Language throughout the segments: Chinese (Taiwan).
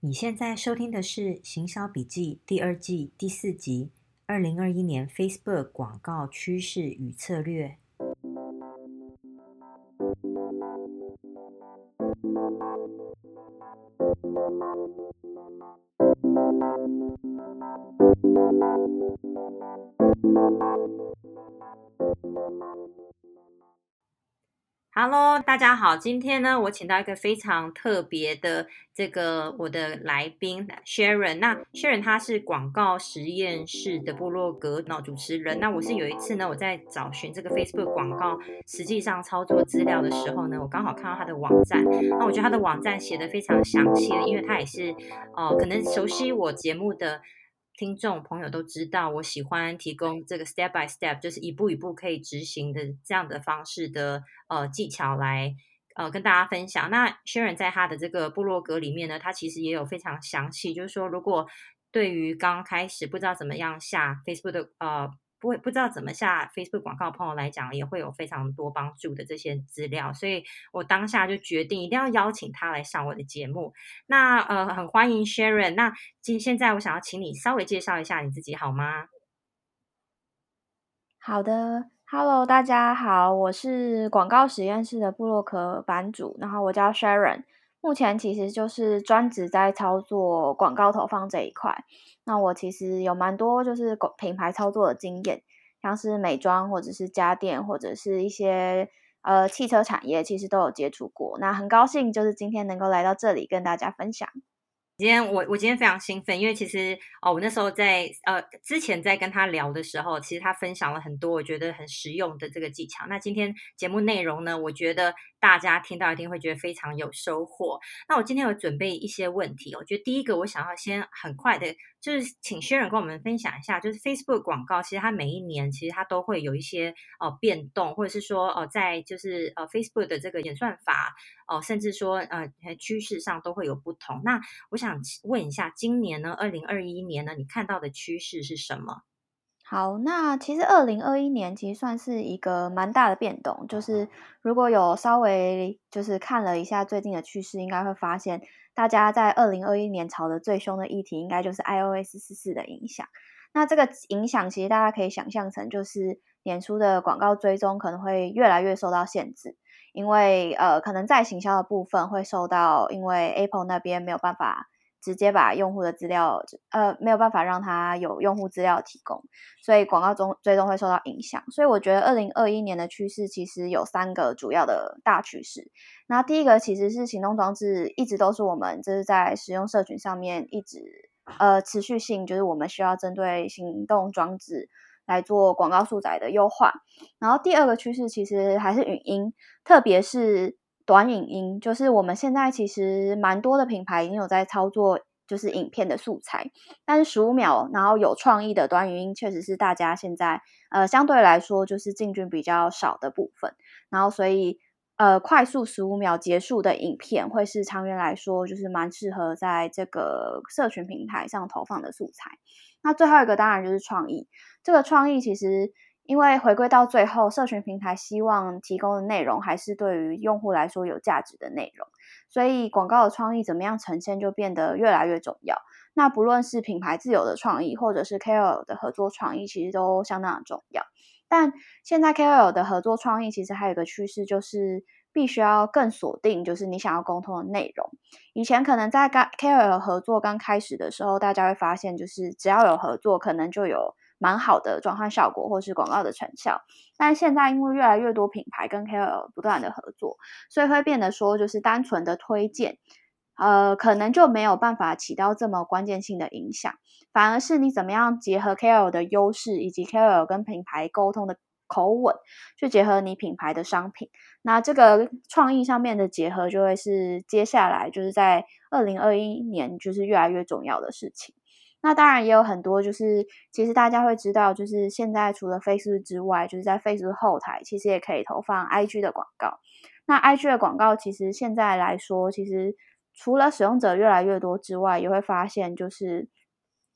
你現在收聽的是《行銷筆記》第二季第四集，二零二一年 Facebook 廣告趨勢與策略。Hello，大家好。今天呢，我請到一個非常特別的這個我的來賓，Sharon。那 Sharon 他是廣告實驗室的部落格腦主持人。那我是有一次呢，我在找尋這個 Facebook 廣告實際上操作資料的時候呢，我剛好看到他的網站。那我覺得他的網站寫得非常詳細，因為他也是哦、呃，可能熟悉我節目的。聽眾朋友都知道，我喜歡提供這個 step by step，就是一步一步可以執行的這樣的方式的呃技巧來呃跟大家分享。那軒 n 在他的這個部落格裡面呢，他其實也有非常詳細，就是說如果對於剛剛開始不知道怎麼樣下 Facebook 的呃。不會不知道怎麼下 Facebook 廣告，朋友來講也會有非常多幫助的這些資料，所以我當下就決定一定要邀請他來上我的節目。那呃，很歡迎 Sharon。那今現在我想要請你稍微介紹一下你自己好嗎？好的，Hello，大家好，我是廣告實驗室的部落客版主，然後我叫 Sharon。目前其實就是專職在操作廣告投放這一塊。那我其實有蠻多就是品牌操作的經驗，像是美妝或者是家電或者是一些呃汽車產業，其實都有接觸過。那很高興就是今天能夠來到這裡跟大家分享。今天我我今天非常興奮，因為其實哦，我那時候在呃之前在跟他聊的時候，其實他分享了很多我覺得很實用的這個技巧。那今天節目內容呢，我覺得。大家聽到一定會覺得非常有收穫。那我今天有準備一些問題，我覺得第一個我想要先很快的，就是請 Sharon 跟我們分享一下，就是 Facebook 廣告其實它每一年其實它都會有一些哦、呃、變動，或者是說哦、呃、在就是呃 Facebook 的這個演算法哦、呃，甚至說呃趨勢上都會有不同。那我想問一下，今年呢，二零二一年呢，你看到的趨勢是什麼？好，那其實二零二一年其實算是一個蠻大的變動，就是如果有稍微就是看了一下最近的趨勢，應該會發現大家在二零二一年吵得最兇的議題，應該就是 iOS 十四的影響。那這個影響其實大家可以想象成，就是年初的廣告追蹤可能會越來越受到限制，因為呃，可能在行銷的部分會受到，因為 Apple 那邊沒有辦法。直接把用戶的資料，呃，沒有辦法讓他有用戶資料提供，所以廣告中最終會受到影響。所以我覺得二零二一年的趨勢其實有三個主要的大趨勢。那第一個其實是行動裝置一直都是我們，就是在使用社群上面一直呃持續性，就是我們需要針對行動裝置來做廣告素材的優化。然後第二個趨勢其實還是影音，特別是。短影音，就是我們現在其實蠻多的品牌已經有在操作，就是影片的素材，但是十五秒，然後有創意的短影音確實是大家現在呃相對來說就是進軍比較少的部分，然後所以呃快速十五秒結束的影片會是長遠來說就是蠻適合在這個社群平台上投放的素材。那最後一個當然就是創意，這個創意其實。因為回歸到最後，社群平台希望提供的內容還是對於用戶來說有價值的內容，所以廣告的創意怎麼樣呈現就變得越來越重要。那不論是品牌自有的創意，或者是 KOL 的合作創意，其實都相當重要。但現在 KOL 的合作創意其實還有一個趨勢，就是必須要更鎖定，就是你想要溝通的內容。以前可能在剛 KOL 合作剛開始的時候，大家會發現，就是只要有合作，可能就有。蠻好的轉換效果，或是廣告的成效。但現在因為越來越多品牌跟 KOL 不斷的合作，所以會變得說就是單純的推薦，呃，可能就沒有辦法起到這麼關鍵性的影響。反而是你怎麼樣結合 KOL 的優勢，以及 KOL 跟品牌溝通的口吻，去結合你品牌的商品。那這個創意上面的結合，就會是接下來就是在二零二一年就是越來越重要的事情。那當然也有很多，就是其實大家會知道，就是現在除了 Facebook 之外，就是在 Facebook 後台其實也可以投放 IG 的廣告。那 IG 的廣告其實現在來說，其實除了使用者越來越多之外，也會發現就是，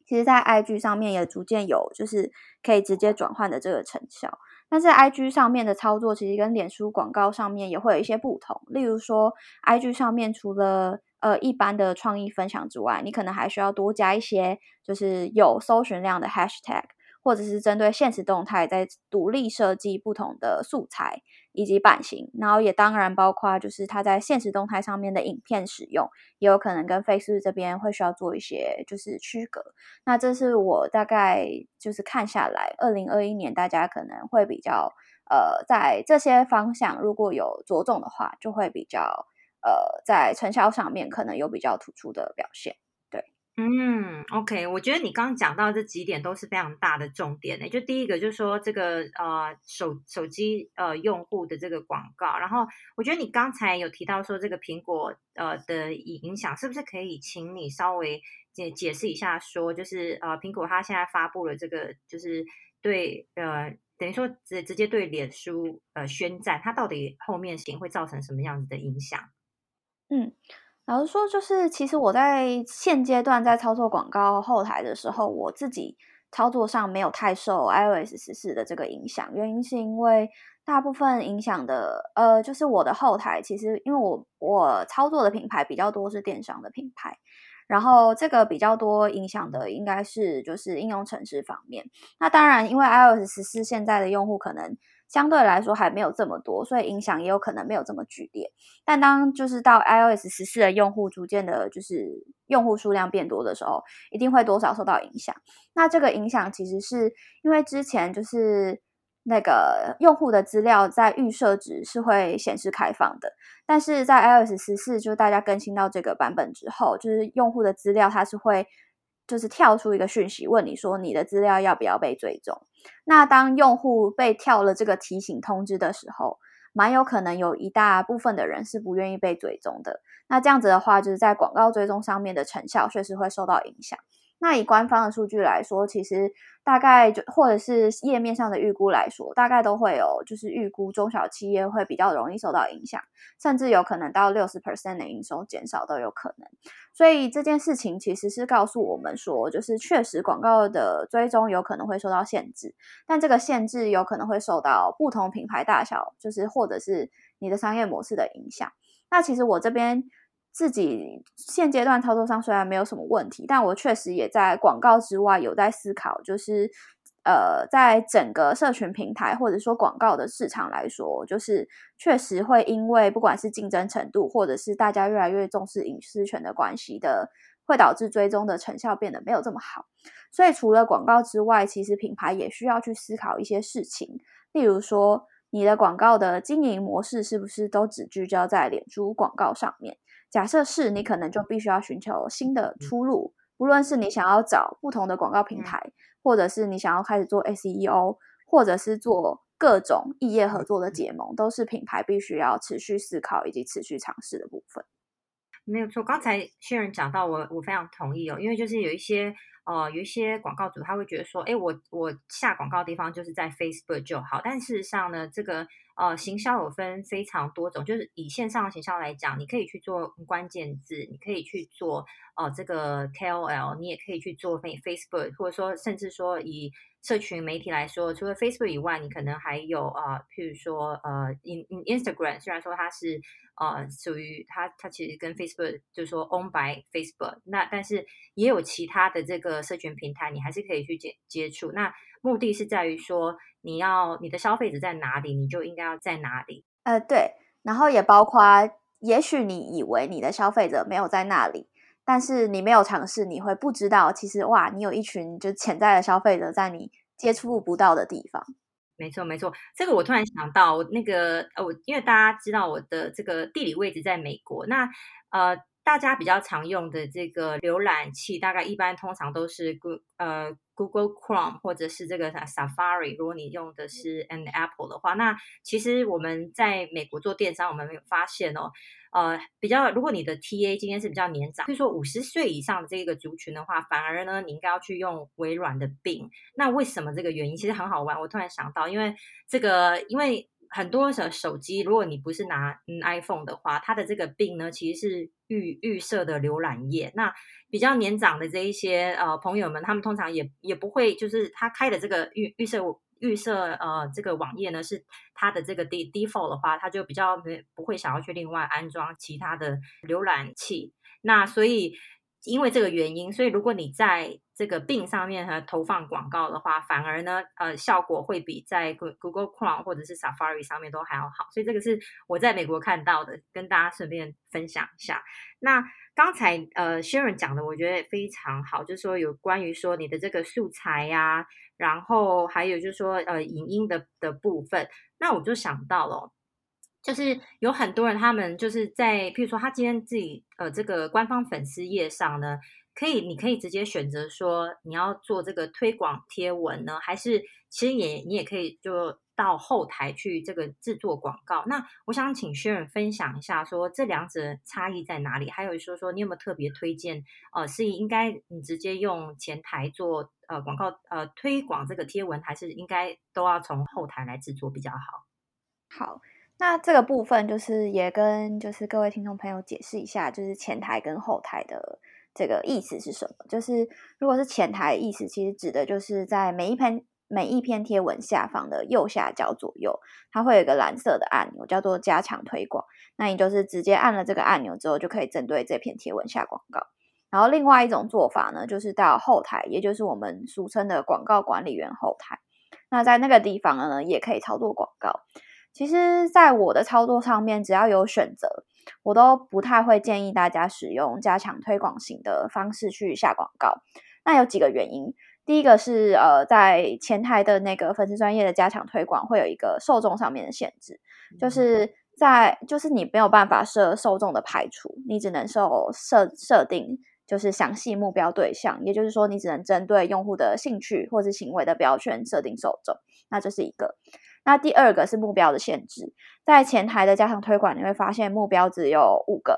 其實，在 IG 上面也逐漸有就是可以直接轉換的這個成效。但是 IG 上面的操作其實跟臉書廣告上面也會有一些不同，例如說 IG 上面除了呃，一般的創意分享之外，你可能還需要多加一些，就是有搜尋量的 hashtag，或者是針對限時動態在獨立設計不同的素材以及版型，然後也當然包括就是它在限時動態上面的影片使用，也有可能跟 Facebook 這邊會需要做一些就是區隔。那這是我大概就是看下來，二零二一年大家可能會比較呃，在這些方向如果有着重的話，就會比較。呃，在成效上面可能有比較突出的表現，對，嗯，OK，我覺得你剛講到這幾點都是非常大的重點欸，就第一個就是說這個呃手手機呃用戶的這個廣告，然後我覺得你剛才有提到說這個蘋果呃的影響，是不是可以請你稍微解解釋一下說，說就是呃蘋果它現在發布了這個就是對呃等於說直直接對臉書呃宣戰，它到底後面行會造成什麼樣子的影響？嗯，老實說，就是其實我在現階段在操作廣告後台的時候，我自己操作上沒有太受 iOS 十四的這個影響。原因是因為大部分影響的，呃，就是我的後台其實因為我我操作的品牌比較多是電商的品牌，然後這個比較多影響的應該是就是應用程式方面。那當然，因為 iOS 十四現在的用戶可能，相對來說還沒有這麼多，所以影響也有可能沒有這麼劇烈。但當就是到 iOS 十四的用戶逐漸的，就是用戶數量變多的時候，一定會多少受到影響。那這個影響其實是因為之前就是那個用戶的資料在預設值是會顯示開放的，但是在 iOS 十四，就是大家更新到這個版本之後，就是用戶的資料它是會就是跳出一個訊息問你說你的資料要不要被追蹤。那當用戶被跳了這個提醒通知的時候，蠻有可能有一大部分的人是不願意被追蹤的。那這樣子的話，就是在廣告追蹤上面的成效確實會受到影響。那以官方的數據來說，其實。大概就或者是頁面上的預估來說，大概都會有，就是預估中小企業會比較容易受到影響，甚至有可能到六十 percent 的營收減少都有可能。所以這件事情其實是告訴我們說，就是確實廣告的追蹤有可能會受到限制，但這個限制有可能會受到不同品牌大小，就是或者是你的商業模式的影響。那其實我這邊。自己現階段操作上雖然沒有什麼問題，但我確實也在廣告之外有在思考，就是呃，在整個社群平台或者說廣告的市場來說，就是確實會因為不管是競爭程度，或者是大家越來越重視隱私權的關係的，會導致追蹤的成效變得沒有這麼好。所以除了廣告之外，其實品牌也需要去思考一些事情，例如說你的廣告的經營模式是不是都只聚焦在臉書廣告上面？假設是你，可能就必須要尋求新的出路，嗯，無論是你想要找不同的廣告平台，嗯、或者是你想要開始做 SEO，或者是做各種異業合作的結盟，嗯，都是品牌必須要持續思考以及持續嘗試的部分。沒有錯，剛才新人講到我，我非常同意哦，因為就是有一些呃，有一些廣告主他會覺得說，哎，我我下廣告地方就是在 Facebook 就好，但事實上呢，這個。呃，行銷有分非常多種，就是以線上的行銷來講，你可以去做關鍵字，你可以去做呃這個 KOL，你也可以去做 Face Facebook，或者說甚至說以社群媒體來說，除了 Facebook 以外，你可能還有啊、呃、譬如說呃 In, In Instagram，雖然說它是呃屬於它，它其實跟 Facebook 就是說 owned by Facebook，那但是也有其他的這個社群平台，你還是可以去接接觸那。目的是在於說，你要你的消費者在哪裡，你就應該要在哪裡。呃，對，然後也包括，也許你以為你的消費者沒有在那裡，但是你沒有嘗試，你會不知道，其實，哇，你有一群就潛在的消費者在你接觸不到的地方。沒錯，沒錯，這個我突然想到，那個呃，我，哦，因為大家知道我的這個地理位置在美國，那呃。大家比較常用的這個瀏覽器，大概一般通常都是 Go、呃、Google Chrome 或者是這個 Safari。如果你用的是 And Apple 的話、嗯，那其實我們在美國做電商，我們沒有發現哦，呃，比較如果你的 TA 今天是比較年長，比如說五十歲以上的這個族群的話，反而呢，你應該要去用微軟的 Bing。那為什麼這個原因？其實很好玩，我突然想到，因為這個因為。很多的手機，如果你不是拿 iPhone 的話，它的這個病呢，其實是預預設的瀏覽頁。那比較年長的這一些呃朋友們，他們通常也也不會，就是他開的這個預預設預設呃這個網頁呢，是他的這個 d e default 的話，他就比較沒不會想要去另外安裝其他的瀏覽器。那所以因為這個原因，所以如果你在這個 Bing 上面和投放廣告的話，反而呢，呃，效果會比在 Google Chrome 或者是 Safari 上面都還要好。所以這個是我在美國看到的，跟大家順便分享一下。那剛才呃 Sharon 講的，我覺得非常好，就是說有關於說你的這個素材呀、啊，然後還有就是說呃影音的的部分，那我就想到了，就是有很多人他們就是在，譬如說他今天自己呃這個官方粉絲頁上呢。可以，你可以直接選擇說你要做這個推廣貼文呢，還是其實也你也可以就到後台去這個制作廣告。那我想請 Sharon 分享一下說，說這兩者差異在哪裡？還有說說你有沒有特別推薦？呃，是應該你直接用前台做呃廣告呃推廣這個貼文，還是應該都要從後台來制作比較好？好。那這個部分就是也跟就是各位聽眾朋友解釋一下，就是前台跟後台的這個意思是什麼？就是如果是前台意思，其實指的就是在每一篇每一篇貼文下方的右下角左右，它會有一個藍色的按鈕，叫做加強推廣。那你就是直接按了這個按鈕之後，就可以針對這篇貼文下廣告。然後另外一種做法呢，就是到後台，也就是我們俗稱的廣告管理員後台。那在那個地方呢，也可以操作廣告。其實，在我的操作上面，只要有選擇，我都不太會建議大家使用加強推廣型的方式去下廣告。那有幾個原因，第一個是呃，在前台的那個粉絲專頁的加強推廣會有一個受眾上面的限制，就是在就是你沒有辦法設受眾的排除，你只能受設設設定就是詳細目標對象，也就是說，你只能針對用戶的興趣或是行為的標籤設定受眾，那這是一個。那第二個是目標的限制，在前台的加強推廣，你會發現目標只有五個，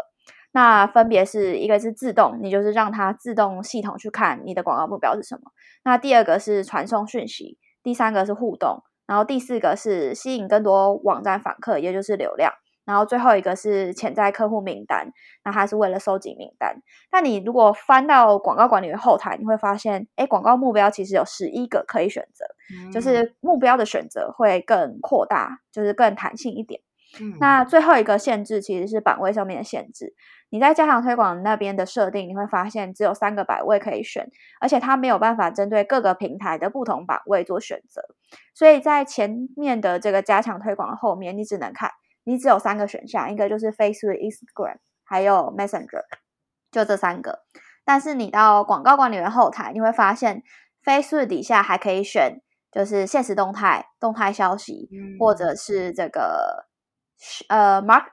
那分別是一個是自動，你就是讓它自動系統去看你的廣告目標是什麼。那第二個是傳送訊息，第三個是互動，然後第四個是吸引更多網站訪客，也就是流量。然後最後一個是潛在客戶名單，那它是為了收集名單。那你如果翻到廣告管理的後台，你會發現，哎，廣告目標其實有十一個可以選擇，嗯，就是目標的選擇會更擴大，就是更彈性一點。嗯、那最後一個限制其實是版位上面的限制。你在加強推廣那邊的設定，你會發現只有三個版位可以選，而且它沒有辦法針對各個平台的不同版位做選擇。所以在前面的這個加強推廣後面，你只能看。你只有三個選項，一個就是 Facebook、Instagram，還有 Messenger，就這三個。但是你到廣告管理員後臺，你會發現 Facebook 底下還可以選，就是限時動態、動態消息，嗯、或者是這個呃 Mark、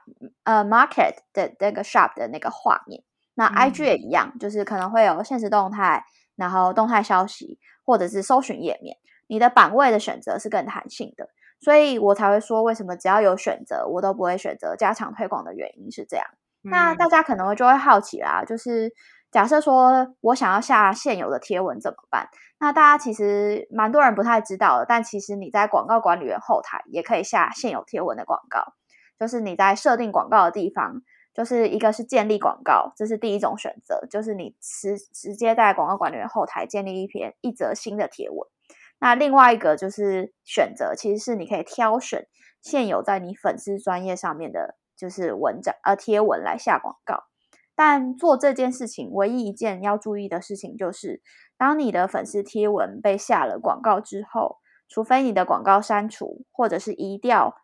呃，Mark，呃 Market 的那個 Shop 的那個畫面。那 IG 也一樣，嗯、就是可能會有限時動態，然後動態消息，或者是搜尋頁面。你的版位的選擇是更彈性的。所以我才會說，為什麼只要有選擇，我都不會選擇加強推廣的原因是這樣。嗯。那大家可能就會好奇啦，就是假設說我想要下現有的貼文怎麼辦？那大家其實蠻多人不太知道的，但其實你在廣告管理員後台也可以下現有貼文的廣告。就是你在設定廣告的地方，就是一個是建立廣告，這是第一種選擇，就是你直直接在廣告管理員後台建立一篇一則新的貼文。那另外一個就是選擇，其實是你可以挑選現有在你粉絲專頁上面的，就是文章呃貼文來下廣告。但做這件事情，唯一一件要注意的事情就是，當你的粉絲貼文被下了廣告之後，除非你的廣告刪除或者是移掉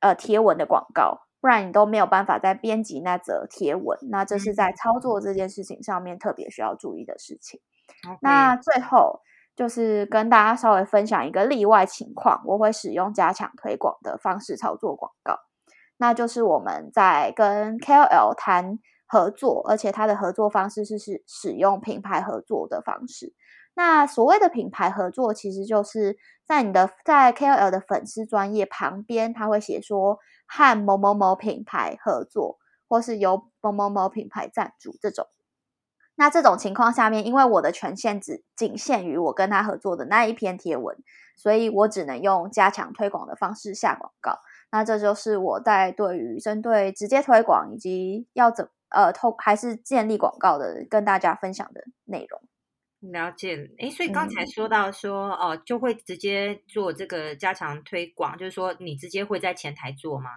呃貼文的廣告，不然你都沒有辦法再編輯那則貼文。那這是在操作這件事情上面特別需要注意的事情。Okay. 那最後。就是跟大家稍微分享一個例外情況，我會使用加強推廣的方式操作廣告。那就是我們在跟 KOL 談合作，而且他的合作方式是是使用品牌合作的方式。那所謂的品牌合作，其實就是在你的在 KOL 的粉絲專頁旁邊，他會寫說和某某某品牌合作，或是由某某某品牌贊助這種。那這種情況下面，因為我的權限只僅限於我跟他合作的那一篇貼文，所以我只能用加強推廣的方式下廣告。那這就是我在對於針對直接推廣以及要怎麼呃投還是建立廣告的跟大家分享的內容。了解了。誒所以剛才說到說、嗯、哦，就會直接做這個加強推廣，就是說你直接會在前台做嗎？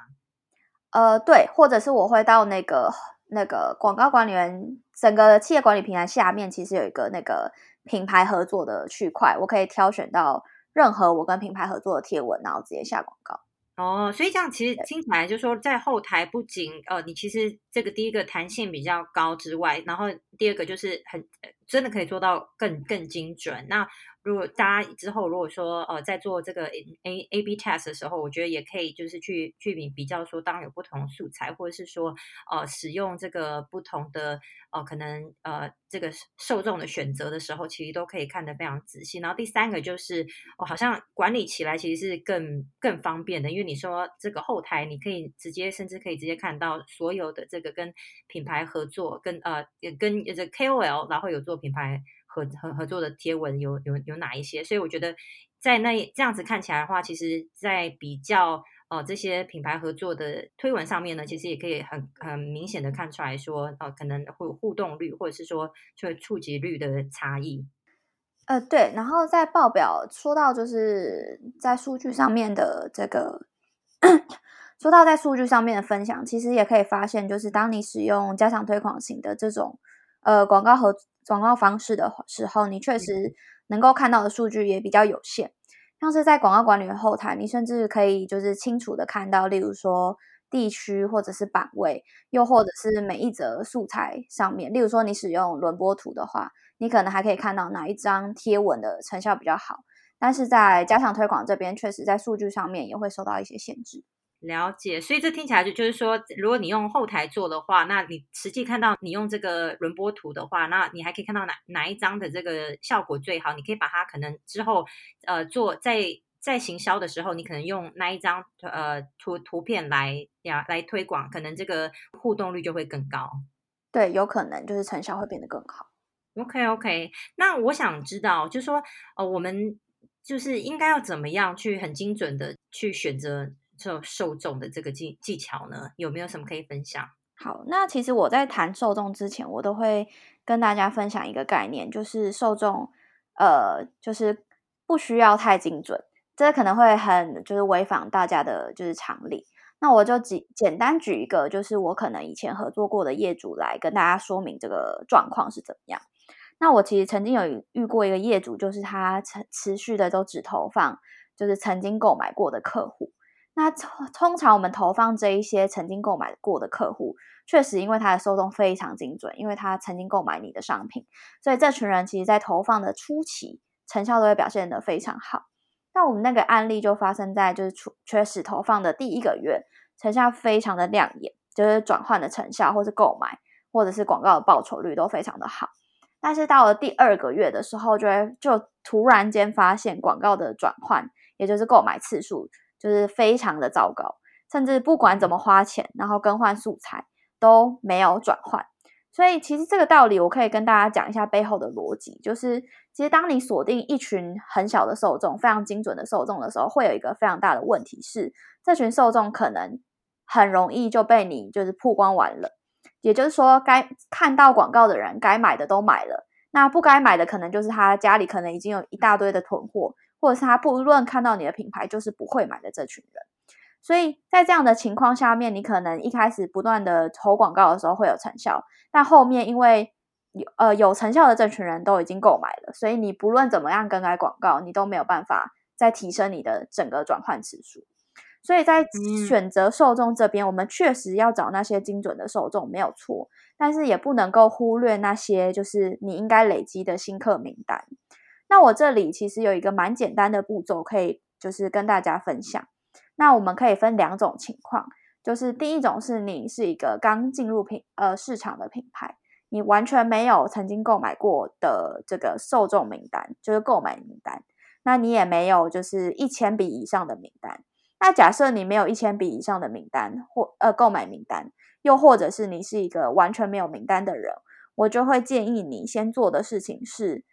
呃，對，或者是我會到那個。那個廣告管理員，整個企業管理平台下面其實有一個那個品牌合作的區塊，我可以挑選到任何我跟品牌合作的貼文，然後直接下廣告。哦，所以這樣其實聽起來就是說，在後台不僅呃，你其實這個第一個彈性比較高之外，然後第二個就是很真的可以做到更更精準。那如果大家之後如果說呃在做這個 A A A B test 的時候，我覺得也可以就是去去比比較說，當有不同的素材或者是說呃使用這個不同的哦、呃、可能呃這個受眾的選擇的時候，其實都可以看得非常仔細。然後第三個就是我、哦、好像管理起來其實是更更方便的，因為你說這個後台你可以直接甚至可以直接看到所有的這個跟品牌合作跟呃跟這 K O L 然後有做品牌。合合合作的貼文有有有哪一些？所以我覺得，在那這樣子看起來的話，其實，在比較呃這些品牌合作的推文上面呢，其實也可以很很明顯的看出來說，呃可能會有互動率或者是說就觸及率的差異。呃，對。然後在報表說到，就是在數據上面的這個， 說到在數據上面的分享，其實也可以發現，就是當你使用加強推廣型的這種呃廣告合作。廣告方式的時候，你確實能夠看到的數據也比較有限。像是在廣告管理的後台，你甚至可以就是清楚的看到，例如說地區或者是版位，又或者是每一則素材上面。例如說你使用輪播圖的話，你可能還可以看到哪一張貼文的成效比較好。但是在加強推廣這邊，確實在數據上面也會受到一些限制。了解，所以這聽起來就就是說，如果你用後台做的話，那你實際看到你用這個輪播圖的話，那你還可以看到哪哪一張的這個效果最好，你可以把它可能之後呃做在在行銷的時候，你可能用那一張呃圖圖片來呀來推廣，可能這個互動率就會更高。對，有可能就是成效會變得更好。OK OK，那我想知道，就是說呃我們就是應該要怎麼樣去很精準的去選擇。受受眾的這個技技巧呢，有沒有什麼可以分享？好，那其實我在談受眾之前，我都會跟大家分享一個概念，就是受眾，呃，就是不需要太精準，這可能會很就是違反大家的就是常理。那我就簡單舉一個，就是我可能以前合作過的業主來跟大家說明這個狀況是怎麼樣。那我其實曾經有遇過一個業主，就是他持持續的都只投放，就是曾經購買過的客戶。那通常我們投放這一些曾經購買過的客戶，確實因為他的受眾非常精準，因為他曾經購買你的商品，所以這群人其實在投放的初期，成效都會表現得非常好。那我們那個案例就發生在就是初確實投放的第一個月，成效非常的亮眼，就是轉換的成效或是購買或者是廣告的報酬率都非常的好。但是到了第二個月的時候，就會就突然間發現廣告的轉換，也就是購買次數。就是非常的糟糕，甚至不管怎麼花錢，然後更換素材都沒有轉換。所以其實這個道理，我可以跟大家講一下背後的邏輯。就是其實當你鎖定一群很小的受眾，非常精準的受眾的時候，會有一個非常大的問題，是這群受眾可能很容易就被你就是曝光完了。也就是說，該看到廣告的人，該買的都買了，那不該買的可能就是他家裡可能已經有一大堆的囤貨。或者是他不論看到你的品牌就是不會買的這群人，所以在這樣的情況下面，你可能一開始不斷的投廣告的時候會有成效，但後面因為有呃有成效的這群人都已經購買了，所以你不論怎麼樣更改廣告，你都沒有辦法再提升你的整個轉換次數。所以在選擇受眾這邊，我們確實要找那些精準的受眾，沒有錯，但是也不能夠忽略那些就是你應該累積的新客名單。那我這裡其實有一個蠻簡單的步驟，可以就是跟大家分享。那我們可以分兩種情況，就是第一種是你是一個剛進入品呃市場的品牌，你完全沒有曾經購買過的這個受眾名單，就是購買名單，那你也沒有就是一千筆以上的名單。那假設你沒有一千筆以上的名單，或呃購買名單，又或者是你是一個完全沒有名單的人，我就會建議你先做的事情是。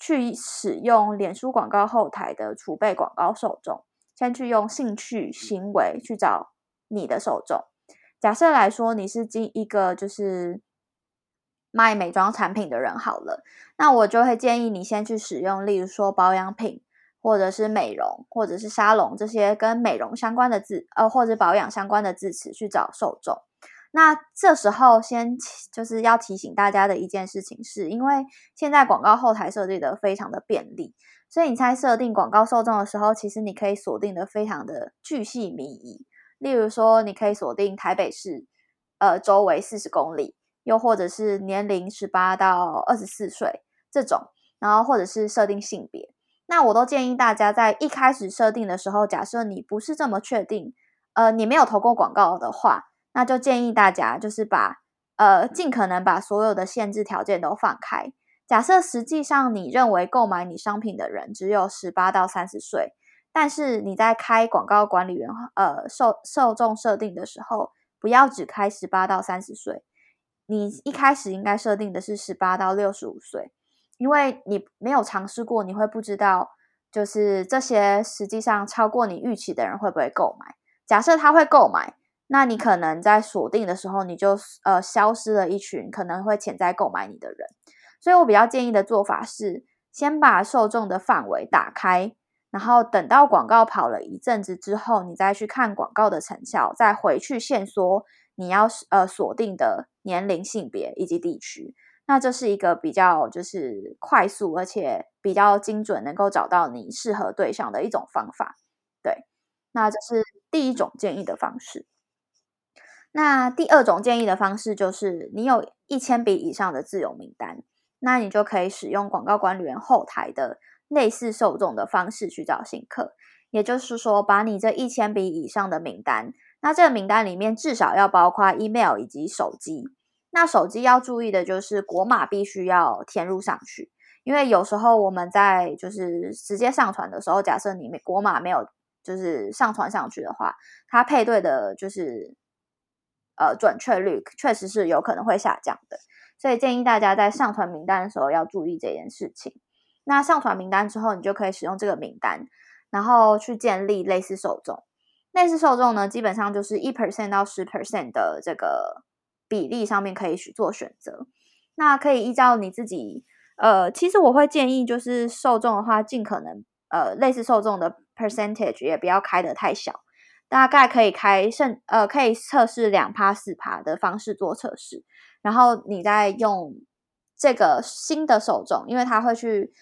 去使用臉書廣告後台的儲備廣告受眾，先去用興趣行為去找你的受眾。假設來說，你是進一個就是賣美妝產品的人好了，那我就會建議你先去使用，例如說保養品，或者是美容，或者是沙龍這些跟美容相關的字，呃，或者保養相關的字詞去找受眾。那這時候先就是要提醒大家的一件事情是，因為現在廣告後台設計的非常的便利，所以你在設定廣告受眾的時候，其實你可以鎖定的非常的巨細靡遺。例如說，你可以鎖定台北市，呃，周圍四十公里，又或者是年齡十八到二十四歲這種，然後或者是設定性別。那我都建議大家在一開始設定的時候，假設你不是這麼確定，呃，你沒有投過廣告的話。那就建議大家，就是把呃盡可能把所有的限制條件都放開。假設實際上你認為購買你商品的人只有十八到三十歲，但是你在開廣告管理員呃受受眾設定的時候，不要只開十八到三十歲，你一開始應該設定的是十八到六十五歲，因為你沒有嘗試過，你會不知道，就是這些實際上超過你預期的人會不會購買。假設他會購買。那你可能在鎖定的時候，你就呃消失了一群可能會潛在購買你的人，所以我比較建議的做法是先把受眾的範圍打開，然後等到廣告跑了一陣子之後，你再去看廣告的成效，再回去限縮你要呃鎖定的年齡、性別以及地區。那這是一個比較就是快速而且比較精準，能夠找到你適合對象的一種方法。對，那這是第一種建議的方式。那第二種建議的方式就是，你有一千筆以上的自有名單，那你就可以使用廣告管理員後台的類似受眾的方式去找新客。也就是說，把你這一千筆以上的名單，那這個名單裡面至少要包括 email 以及手機。那手機要注意的就是國碼必須要填入上去，因為有時候我們在就是直接上傳的時候，假設你國碼沒有就是上傳上去的話，它配對的就是。呃，準確率確實是有可能會下降的，所以建議大家在上傳名單的時候要注意這件事情。那上傳名單之後，你就可以使用這個名單，然後去建立類似受眾。類似受眾呢，基本上就是一 percent 到十 percent 的這個比例上面可以去做選擇。那可以依照你自己，呃，其實我會建議就是受眾的話，儘可能呃類似受眾的 percentage 也不要開得太小。大概可以開始呃，可以測試兩趴四趴的方式做測試，然後你再用這個新的受眾，因為他會去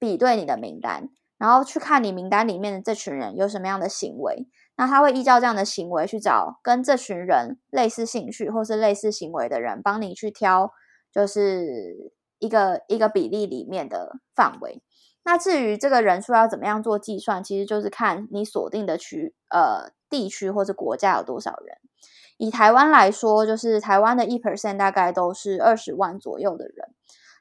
比對你的名單，然後去看你名單裡面的這群人有什麼樣的行為，那他會依照這樣的行為去找跟這群人類似興趣或是類似行為的人，幫你去挑，就是一個一個比例裡面的範圍。那至於這個人數要怎麼樣做計算，其實就是看你鎖定的區呃。地區或者國家有多少人？以台灣來說，就是台灣的一 percent 大概都是二十萬左右的人，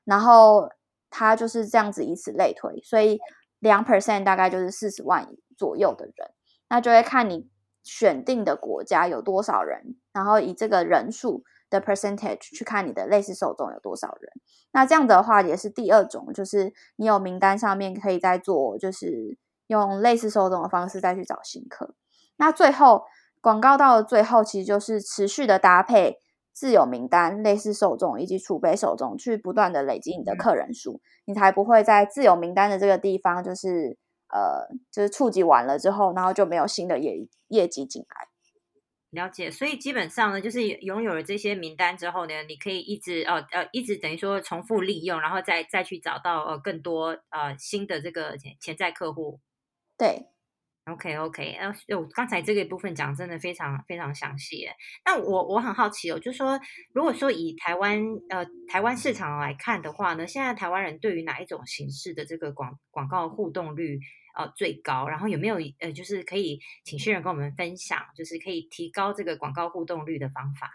然後它就是這樣子以此類推，所以兩 percent 大概就是四十萬左右的人，那就會看你選定的國家有多少人，然後以這個人數的 percentage 去看你的類似受眾有多少人。那這樣子的話也是第二種，就是你有名單上面可以再做，就是用類似受眾的方式再去找新客。那最後廣告到了最後，其實就是持續的搭配自有名單、類似受眾以及儲備受眾，去不斷的累積你的客人數，嗯，你才不會在自有名單的這個地方，就是呃，就是觸及完了之後，然後就沒有新的業業績進來。了解，所以基本上呢，就是擁有了這些名單之後呢，你可以一直哦呃，呃一直等於說重複利用，然後再再去找到，呃，更多呃新的這個潛在客戶。對。OK，OK，okay, okay. 剛才這個部分講真的非常非常詳細。那我我很好奇哦，就是說，如果說以台灣呃台灣市場來看的話呢，現在台灣人對於哪一種形式的這個廣廣告互動率呃最高？然後有沒有呃就是可以請 Sharon 跟我們分享，就是可以提高這個廣告互動率的方法？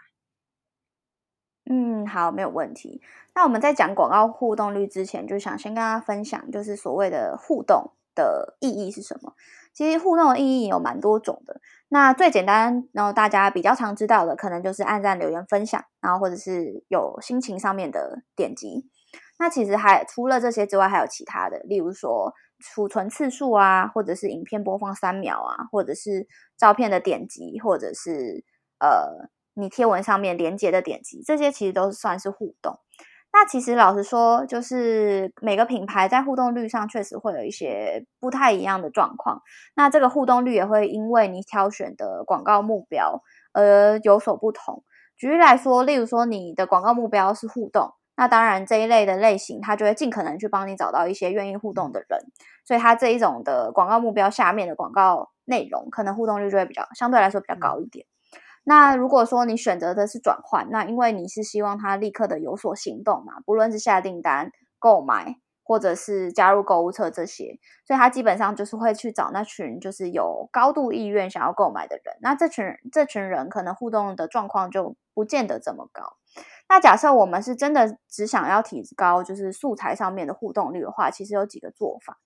嗯，好，沒有問題。那我們在講廣告互動率之前，就想先跟大家分享，就是所謂的互動的意義是什麼？其實互動的意義有蠻多種的。那最簡單，然後大家比較常知道的，可能就是按讚、留言、分享，然後或者是有心情上面的點擊。那其實還除了這些之外，還有其他的，例如說儲存次數啊，或者是影片播放三秒啊，或者是照片的點擊，或者是呃你貼文上面連結的點擊，這些其實都算是互動。那其實老實說，就是每個品牌在互動率上確實會有一些不太一樣的狀況。那這個互動率也會因為你挑選的廣告目標而有所不同。舉例來說，例如說你的廣告目標是互動，那當然這一類的類型，它就會盡可能去幫你找到一些願意互動的人，所以它這一種的廣告目標下面的廣告內容，可能互動率就會比較相對來說比較高一點。嗯那如果說你選擇的是轉換，那因為你是希望他立刻的有所行動嘛，不論是下訂單、購買，或者是加入購物車這些，所以他基本上就是會去找那群就是有高度意願想要購買的人。那這群這群人可能互動的狀況就不見得這麼高。那假設我們是真的只想要提高就是素材上面的互動率的話，其實有幾個做法。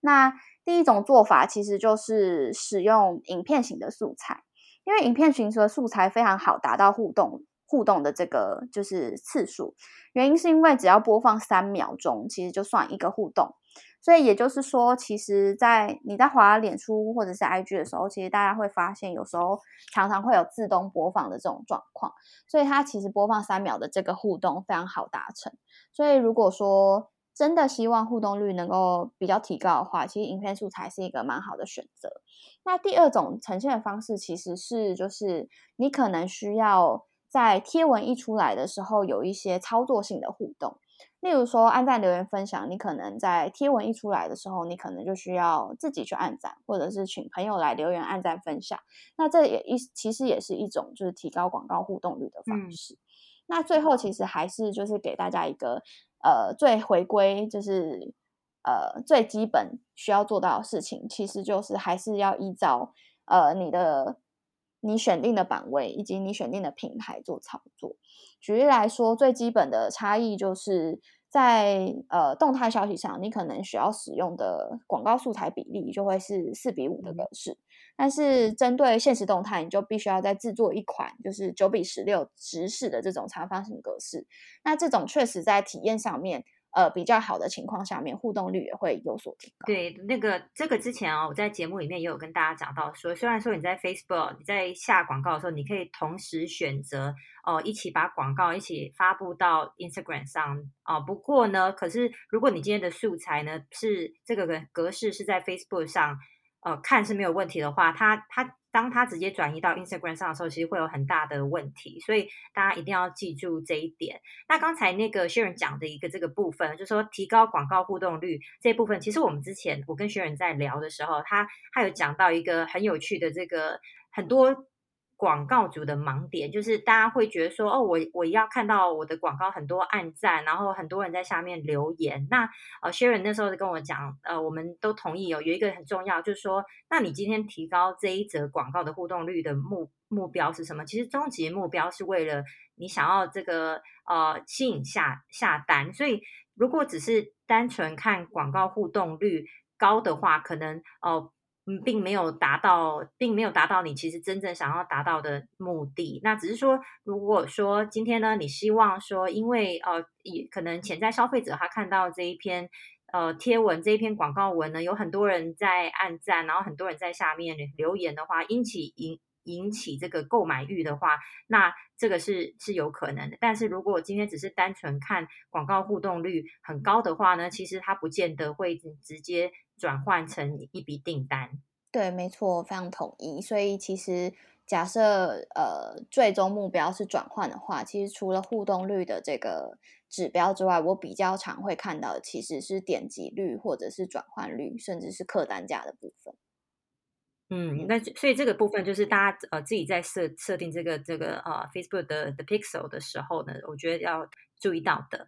那第一種做法其實就是使用影片型的素材。因為影片群出的素材非常好，達到互動互動的這個就是次數。原因是因為只要播放三秒鐘，其實就算一個互動。所以也就是說，其實，在你在滑臉書或者是 IG 的時候，其實大家會發現，有時候常常會有自動播放的這種狀況。所以它其實播放三秒的這個互動非常好達成。所以如果說，真的希望互動率能夠比較提高的話，其實影片素材是一個蠻好的選擇。那第二種呈現的方式，其實是就是你可能需要在貼文一出來的時候，有一些操作性的互動，例如說按讚、留言、分享。你可能在貼文一出來的時候，你可能就需要自己去按讚，或者是請朋友來留言、按讚、分享。那這也一其實也是一種就是提高廣告互動率的方式。嗯。那最後其實還是就是給大家一個。呃，最回歸就是呃，最基本需要做到的事情，其實就是還是要依照呃你的你選定的版位以及你選定的平台做操作。舉例來說，最基本的差異就是在呃動態消息上，你可能需要使用的廣告素材比例就會是四比五的格式。但是針對限時動態，你就必須要再製作一款，就是九比十六直式的這種長方形格式。那這種確實在體驗上面，呃，比較好的情況下面，互動率也會有所提高。對，那個這個之前哦，我在節目裡面也有跟大家講到說，雖然說你在 Facebook 你在下廣告的時候，你可以同時選擇哦、呃，一起把廣告一起發布到 Instagram 上哦、呃、不過呢，可是如果你今天的素材呢是這個格式是在 Facebook 上。呃，看是沒有問題的話，他他當他直接轉移到 Instagram 上的時候，其實會有很大的問題，所以大家一定要記住這一點。那剛才那個 Sharon 講的一個這個部分，就是說提高廣告互動率這部分，其實我們之前我跟 Sharon 在聊的時候，他他有講到一個很有趣的這個很多。廣告主的盲點就是大家會覺得說，哦，我我要看到我的廣告很多按讚，然後很多人在下面留言。那呃，Sharon 那時候跟我講，呃，我們都同意有、哦、有一個很重要，就是說，那你今天提高這一則廣告的互動率的目目標是什麼？其實終極目標是為了你想要這個呃吸引下下單。所以如果只是單純看廣告互動率高的話，可能哦。呃並沒有達到，並沒有達到你其實真正想要達到的目的。那只是說，如果說今天呢，你希望說，因為呃，也可能潛在消費者他看到這一篇呃貼文這一篇廣告文呢，有很多人在按讚，然後很多人在下面留言的話，引起引引起這個購買欲的話，那這個是是有可能的。但是如果今天只是單純看廣告互動率很高的話呢，其實它不見得會直接。轉換成一筆訂單，對，沒錯，非常統一。所以其實假設呃，最終目標是轉換的話，其實除了互動率的這個指標之外，我比較常會看到的其實是點擊率或者是轉換率，甚至是客單價的部分。嗯，那所以這個部分就是大家呃自己在設設定這個這個呃 Facebook 的的 Pixel 的時候呢，我覺得要注意到的。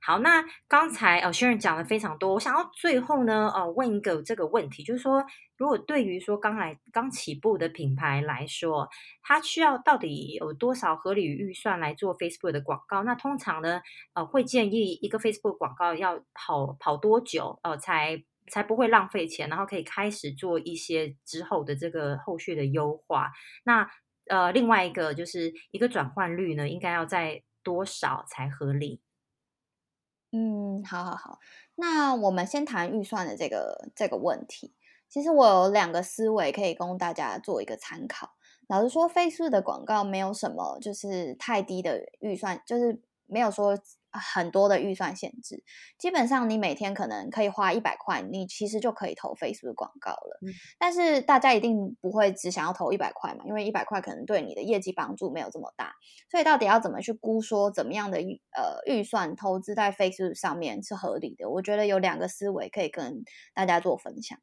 好，那剛才哦 Sharon 講了非常多，我想要最後呢，呃問一個這個問題，就是說如果對於說剛來剛起步的品牌來說，它需要到底有多少合理預算來做 Facebook 的廣告？那通常呢，呃會建議一個 Facebook 廣告要跑跑多久呃才？才不會浪費錢，然後可以開始做一些之後的這個後續的優化。那呃，另外一個就是一個轉換率呢，應該要在多少才合理？嗯，好好好。那我們先談預算的這個這個問題。其實我有兩個思維可以供大家做一個參考。老實說，FB 的廣告沒有什麼，就是太低的預算，就是沒有說。很多的預算限制，基本上你每天可能可以花一百塊，你其實就可以投 Facebook 廣告了。但是大家一定不會只想要投一百塊嘛，因為一百塊可能對你的業績幫助沒有這麼大。所以到底要怎麼去估說怎麼樣的預呃預算投資在 Facebook 上面是合理的？我覺得有兩個思維可以跟大家做分享。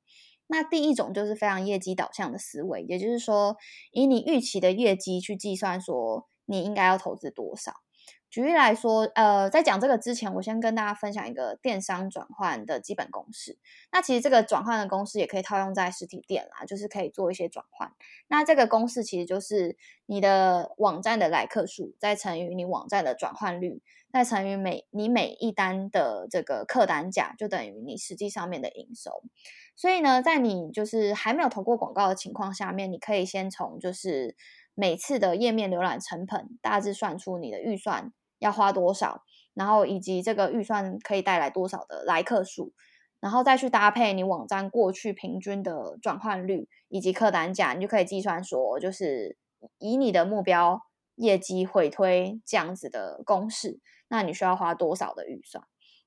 那第一種就是非常業績導向的思維，也就是說以你預期的業績去計算說你應該要投資多少。舉例來說，呃，在講這個之前，我先跟大家分享一個電商轉換的基本公式。那其實這個轉換的公式也可以套用在實體店啦，就是可以做一些轉換。那這個公式其實就是你的網站的來客數，再乘以你網站的轉換率，再乘以每你每一單的這個客單價，就等於你實際上面的營收。所以呢，在你就是還沒有投過廣告的情況下面，你可以先從就是每次的頁面瀏覽成本大致算出你的預算。要花多少，然後以及這個預算可以帶來多少的來客數，然後再去搭配你網站過去平均的轉換率以及客單價，你就可以計算說，就是以你的目標業績回推這樣子的公式，那你需要花多少的預算？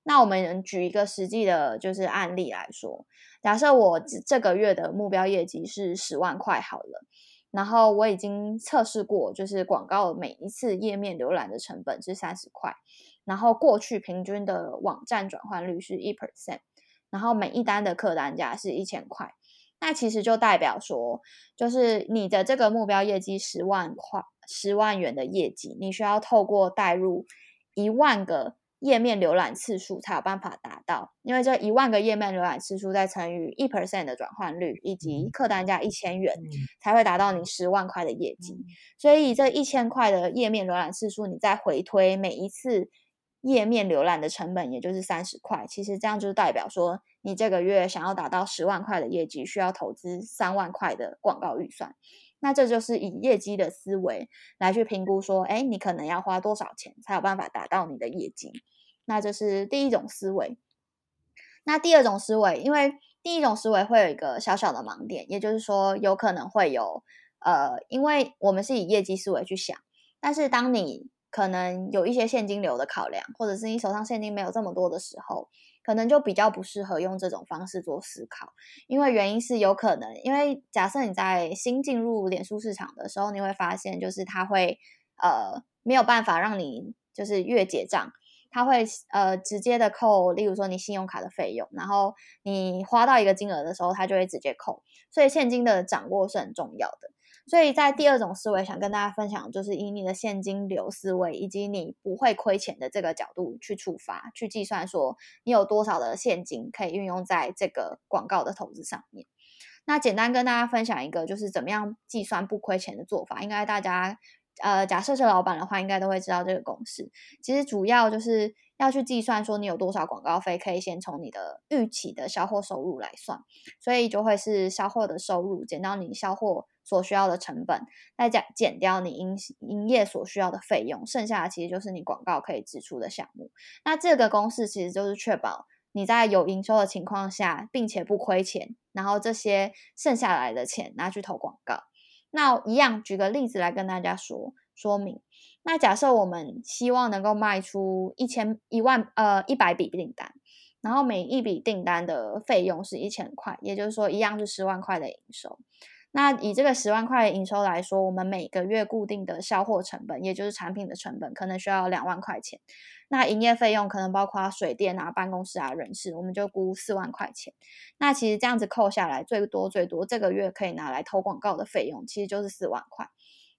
那我們舉一個實際的就是案例來說，假設我這這個月的目標業績是十萬塊好了。然後我已經測試過，就是廣告每一次頁面瀏覽的成本是三十塊，然後過去平均的網站轉換率是一 percent，然後每一單的客單價是一千塊，那其實就代表說，就是你的這個目標業績十萬塊，十萬元的業績，你需要透過帶入一萬個。頁面瀏覽次數才有辦法達到，因為這一萬個頁面瀏覽次數再乘以一 percent 的轉換率，以及客單價一千元，才會達到你十萬塊的業績。所以這一千塊的頁面瀏覽次數，你再回推每一次頁面瀏覽的成本，也就是三十塊。其實這樣就代表說，你這個月想要達到十萬塊的業績，需要投資三萬塊的廣告預算。那這就是以業績的思維來去評估，說，誒你可能要花多少錢才有辦法達到你的業績？那這是第一種思維。那第二種思維，因為第一種思維會有一個小小的盲點，也就是說，有可能會有呃，因為我們是以業績思維去想，但是當你可能有一些現金流的考量，或者是你手上現金沒有這麼多的時候，可能就比較不適合用這種方式做思考，因為原因是有可能，因為假設你在新進入臉書市場的時候，你會發現就是它會呃沒有辦法讓你就是月結賬，它會呃直接的扣，例如說你信用卡的費用，然後你花到一個金額的時候，它就會直接扣，所以現金的掌握是很重要的。所以在第二種思維，想跟大家分享，就是以你的現金流思維，以及你不會虧錢的這個角度去出發、去計算，說你有多少的現金可以運用在這個廣告的投資上面。那簡單跟大家分享一個，就是怎麼樣計算不虧錢的做法。應該大家，呃，假設是老板的話，應該都會知道這個公式。其實主要就是要去計算，說你有多少廣告費可以先從你的預期的銷貨收入來算，所以就會是銷貨的收入減到你銷貨。所需要的成本，再減減掉你營營業所需要的費用，剩下的其實就是你廣告可以支出的項目。那這個公式其實就是確保你在有營收的情況下，並且不虧錢，然後這些剩下來的錢拿去投廣告。那一樣，舉個例子來跟大家說說明。那假設我們希望能夠賣出一千，一萬，呃，一百筆訂單，然後每一筆訂單的費用是一千塊，也就是說，一樣是十萬塊的營收。那以這個十萬塊的營收來說，我們每個月固定的銷貨成本，也就是產品的成本，可能需要兩萬塊錢。那營業費用可能包括水電啊、辦公室啊、人事，我們就估四萬塊錢。那其實這樣子扣下來，最多最多這個月可以拿來投廣告的費用，其實就是四萬塊。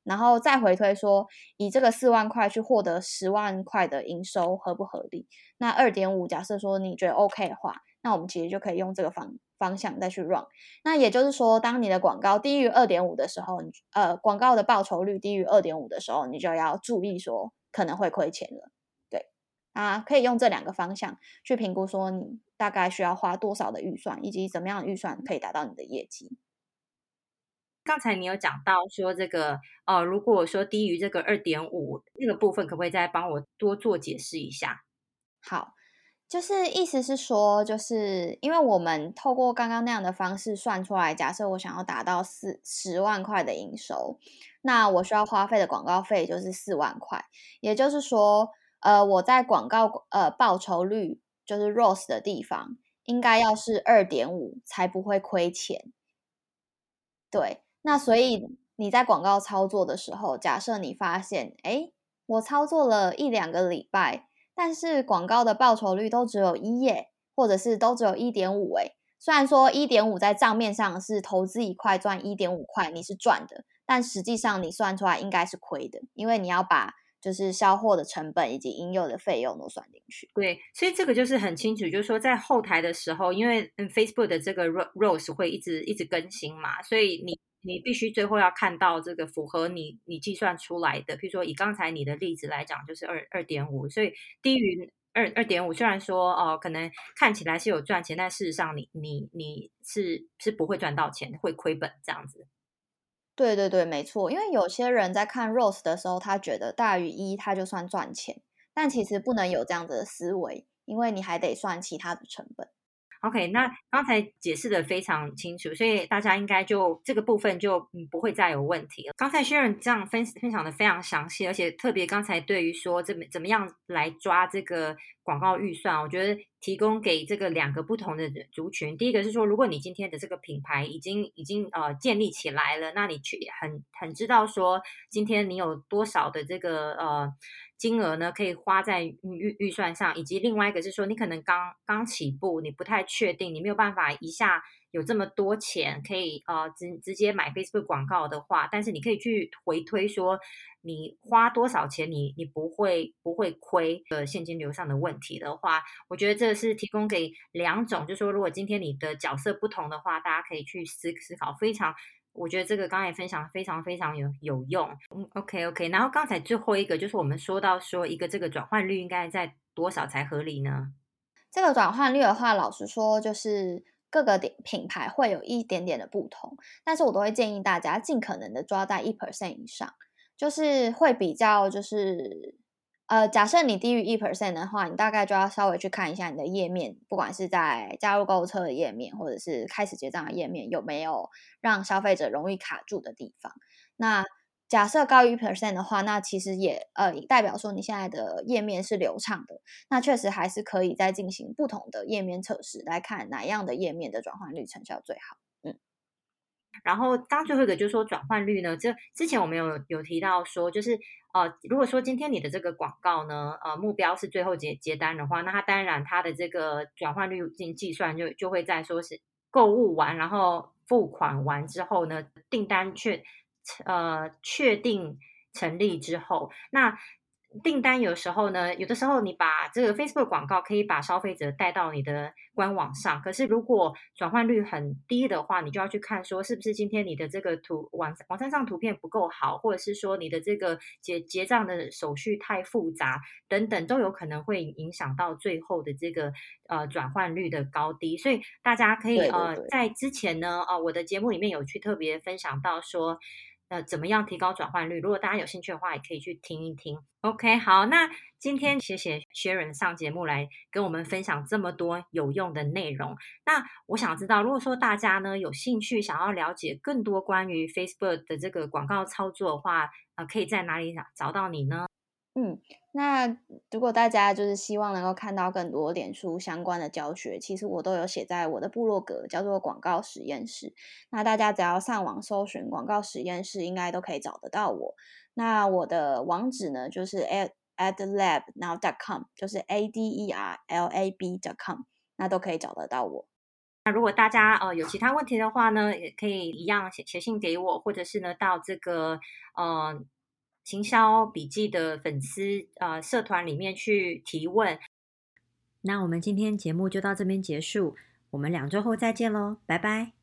然後再回推說，以這個四萬塊去獲得十萬塊的營收，合不合理？那二點五，假設說你覺得 OK 的話，那我們其實就可以用這個方。方向再去 run，那也就是說，當你的廣告低於二點五的時候，呃，廣告的報酬率低於二點五的時候，你就要注意說可能會虧錢了。對，啊，可以用這兩個方向去評估說你大概需要花多少的預算，以及怎麼樣的預算可以達到你的業績。剛才你有講到說這個，呃，如果說低於這個二點五那個部分，可不可以再幫我多做解釋一下？好。就是意思是說，就是因為我們透過剛剛那樣的方式算出來，假設我想要達到四十萬塊的營收，那我需要花費的廣告費就是四萬塊，也就是說，呃，我在廣告呃報酬率就是 ROAS 的地方，應該要是二點五才不會虧錢。對，那所以你在廣告操作的時候，假設你發現，誒，我操作了一兩個禮拜。但是廣告的報酬率都只有一耶，或者是都只有一點五哎。雖然說一點五在賬面上是投資一塊賺一點五塊，你是賺的，但實際上你算出來應該是虧的，因為你要把就是銷貨的成本以及應有的費用都算進去。對，所以這個就是很清楚，就是說在後台的時候，因為嗯，Facebook 的這個 ROAS 會一直一直更新嘛，所以你。你必須最後要看到這個符合你你計算出來的，譬如說以剛才你的例子來講，就是二二點五，所以低於二二點五，雖然說哦、呃、可能看起來是有賺錢，但事實上你你你是是不會賺到錢，會虧本這樣子。對對對，沒錯，因為有些人在看 ROAS 的時候，他覺得大於一他就算賺錢，但其實不能有這樣子的思維，因為你還得算其他的成本。OK，那剛才解釋得非常清楚，所以大家應該就這個部分就不會再有問題了。剛才 Sharon 這樣分分享得非常詳細，而且特別剛才對於說怎麼怎麼樣來抓這個廣告預算，我覺得提供給這個兩個不同的族群。第一個是說，如果你今天的這個品牌已經已經呃建立起來了，那你去很很知道說今天你有多少的這個呃。金額呢，可以花在預預算上，以及另外一個是說，你可能剛剛起步，你不太確定，你沒有辦法一下有這麼多錢可以呃直直接買 Facebook 廣告的話，但是你可以去回推說你花多少錢你，你你不會不會虧呃現金流上的問題的話，我覺得這是提供給兩種，就是說如果今天你的角色不同的話，大家可以去思思考，非常。我覺得這個剛才分享非常非常有有用。嗯，OK，OK。然後剛才最後一個就是我們說到說一個這個轉換率應該在多少才合理呢？這個轉換率的話，老實說就是各個點品牌會有一點點的不同，但是我都會建議大家盡可能的抓在一 percent 以上，就是會比較就是。呃，假設你低於一 percent 的話，你大概就要稍微去看一下你的頁面，不管是在加入購物車的頁面，或者是開始結賬的頁面，有沒有讓消費者容易卡住的地方。那假設高於一 percent 的話，那其實也呃代表說你現在的頁面是流暢的，那確實還是可以再進行不同的頁面測試，來看哪樣的頁面的轉換率成效最好。然後，當最後一個就是說轉換率呢，這之前我們有有提到說，就是呃，如果說今天你的這個廣告呢，呃，目標是最後結結單的話，那它當然它的這個轉換率進行計算就，就就會在說是購物完，然後付款完之後呢，訂單確呃確定成立之後，那。訂單有時候呢，有的時候你把這個 Facebook 廣告可以把消費者帶到你的官網上，可是如果轉換率很低的話，你就要去看說是不是今天你的這個圖網網站上圖片不夠好，或者是說你的這個結結賬的手續太複雜等等，都有可能會影響到最後的這個呃轉換率的高低。所以大家可以對對對呃在之前呢啊、呃、我的節目裡面有去特別分享到說。呃，怎麼樣提高轉換率？如果大家有興趣的話，也可以去聽一聽。OK，好，那今天謝謝 Sharon 上節目來跟我們分享這麼多有用的內容。那我想知道，如果說大家呢有興趣想要了解更多關於 Facebook 的這個廣告操作的話，呃，可以在哪裡找到你呢？嗯，那如果大家就是希望能夠看到更多臉書相關的教學，其實我都有寫在我的部落格，叫做廣告實驗室。那大家只要上網搜尋“廣告實驗室”，應該都可以找得到我。那我的網址呢，就是 adlabnow.com，就是 A D E R L A B.com，那都可以找得到我。那如果大家，呃，有其他問題的話呢，也可以一樣寫寫信給我，或者是呢到這個呃。行銷筆記的粉絲啊，呃，社團裡面去提問。那我們今天節目就到這邊結束，我們兩周後再見嘍，拜拜。